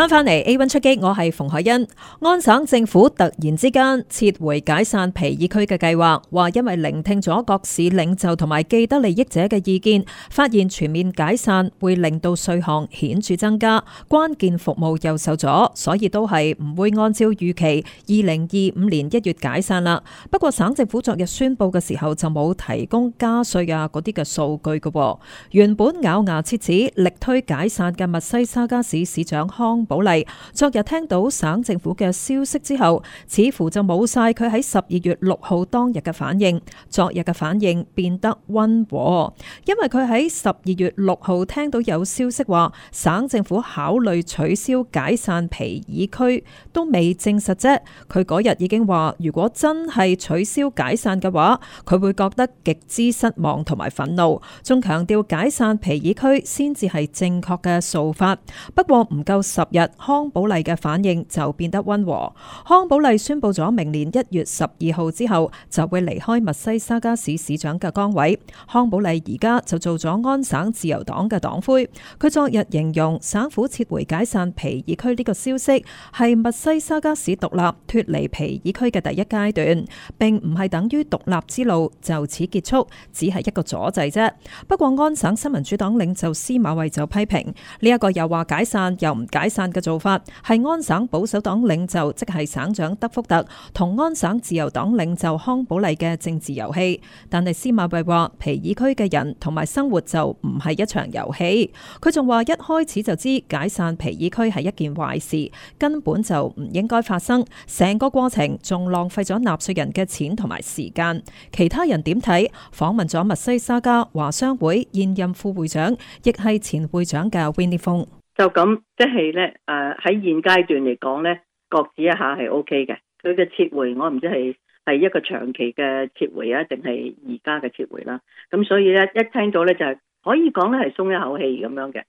翻返嚟 A1 出擊，我係馮海恩。安省政府突然之間撤回解散皮爾區嘅計劃，話因為聆聽咗各市領袖同埋既得利益者嘅意見，發現全面解散會令到稅項顯著增加，關鍵服務又受阻，所以都係唔會按照預期二零二五年一月解散啦。不過省政府昨日宣布嘅時候就冇提供加稅啊嗰啲嘅數據噶。原本咬牙切齒、力推解散嘅墨西沙加市市長康。保利昨日聽到省政府嘅消息之後，似乎就冇晒佢喺十二月六號當日嘅反應。昨日嘅反應變得溫和，因為佢喺十二月六號聽到有消息話省政府考慮取消解散皮爾區，都未證實啫。佢嗰日已經話，如果真係取消解散嘅話，佢會覺得極之失望同埋憤怒，仲強調解散皮爾區先至係正確嘅做法，不過唔夠十日康保麗嘅反應就變得溫和。康保麗宣布咗明年一月十二號之後就會離開密西沙加市市長嘅崗位。康保麗而家就做咗安省自由黨嘅黨魁。佢昨日形容省府撤回解散皮爾區呢個消息係密西沙加市獨立脫離皮爾區嘅第一階段，並唔係等於獨立之路就此結束，只係一個阻滯啫。不過安省新民主黨領袖司馬慧就批評呢一個又話解散又唔解散。嘅做法係安省保守黨領袖即係省長德福特同安省自由黨領袖康寶麗嘅政治遊戲。但係司馬衛話皮爾區嘅人同埋生活就唔係一場遊戲，佢仲話一開始就知解散皮爾區係一件壞事，根本就唔應該發生。成個過程仲浪費咗納稅人嘅錢同埋時間。其他人點睇？訪問咗密西沙加華商會現任副會長亦係前會長嘅 Winnie Fung 就咁，即係咧，誒、呃、喺現階段嚟講咧，擱置一下係 OK 嘅。佢嘅撤回我，我唔知係係一個長期嘅撤回啊，定係而家嘅撤回啦、啊。咁所以咧，一聽到咧就係、是、可以講咧係鬆一口氣咁樣嘅。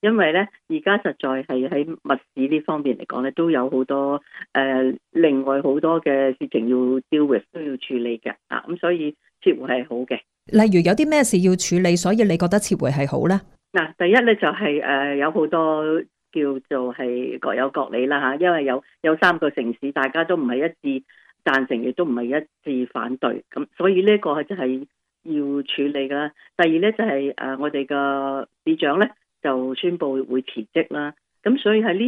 因為咧，而家實在係喺物事呢方面嚟講咧，都有好多誒、呃，另外好多嘅事情要 deal with 都要處理嘅。啊，咁所以撤回係好嘅。例如有啲咩事要處理，所以你覺得撤回係好咧？第一咧就係，誒，有好多叫做係各有各理啦，嚇，因為有有三個城市大家都唔係一致贊成，亦都唔係一致反對，咁所以呢個係真係要處理㗎啦。第二咧就係，誒，我哋嘅市長咧就宣布會辭職啦。咁所以喺呢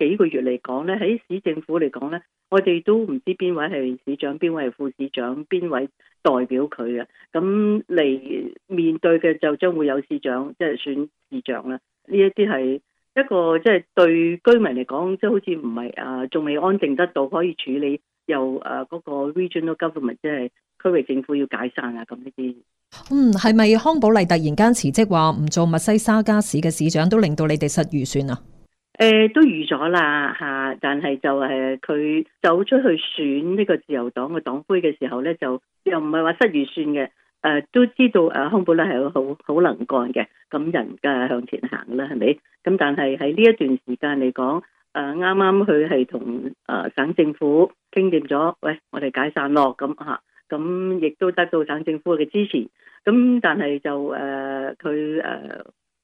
一幾個月嚟講咧，喺市政府嚟講咧，我哋都唔知邊位係市長，邊位係副市長，邊位代表佢啊？咁嚟面對嘅就將會有市長，即係選市長啦。呢一啲係一個即係對居民嚟講，即係好似唔係啊，仲未安定得到可以處理由，又啊嗰個 regional government 即係區域政府要解散啊。咁呢啲嗯係咪康寶麗突然間辭職，話唔做密西沙加市嘅市長，都令到你哋失預算啊？誒都預咗啦嚇，但係就誒佢走出去選呢個自由黨嘅黨魁嘅時候咧，就又唔係話失預算嘅。誒都知道誒康保咧係好好能幹嘅，咁人梗係向前行啦，係咪？咁但係喺呢一段時間嚟講，誒啱啱佢係同誒省政府傾掂咗，喂，我哋解散咯，咁嚇，咁亦都得到省政府嘅支持。咁但係就誒佢誒。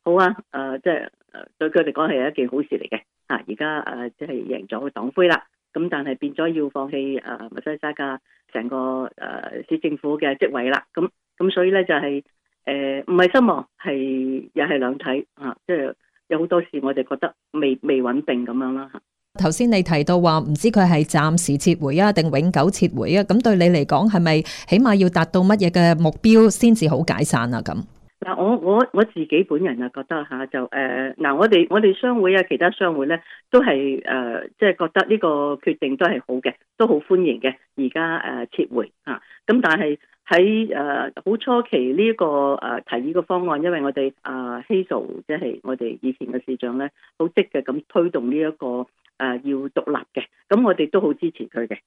好啊，誒，即係對佢哋講係一件好事嚟嘅，嚇！而家誒，即係贏咗個黨魁啦，咁但係變咗要放棄誒墨西沙加成個誒市政府嘅職位啦，咁咁所以咧就係誒唔係失望，係又係兩睇啊！即係有好多事我哋覺得未未穩定咁樣啦嚇。頭先你提到話唔知佢係暫時撤回啊，定永久撤回啊？咁對你嚟講係咪起碼要達到乜嘢嘅目標先至好解散啊？咁？嗱，我我我自己本人啊，覺得嚇就誒，嗱，我哋我哋商會啊，其他商會咧，都係誒，即係覺得呢個決定都係好嘅。都好歡迎嘅，而家誒撤回嚇，咁、啊、但係喺誒好初期呢、這、一個誒、啊、提議嘅方案，因為我哋啊 Hazel 即係我哋以前嘅市長咧，好積極咁推動呢、這、一個誒、啊、要獨立嘅，咁我哋都好支持佢嘅，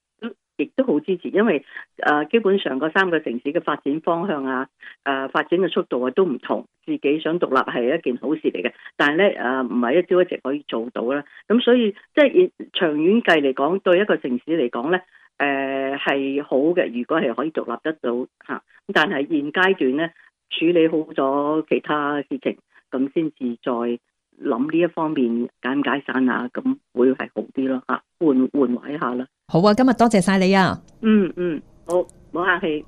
亦都好支持，因為誒、啊、基本上嗰三個城市嘅發展方向啊，誒、啊、發展嘅速度啊都唔同。自己想獨立係一件好事嚟嘅，但係咧誒唔係一朝一夕可以做到啦。咁所以即係長遠計嚟講，對一個城市嚟講咧，誒、呃、係好嘅。如果係可以獨立得到嚇，但係現階段咧處理好咗其他事情，咁先至再諗呢一方面解唔解散那啊，咁會係好啲咯嚇，緩緩緩一下啦。好啊，今日多謝晒你啊。嗯嗯，好，冇客氣。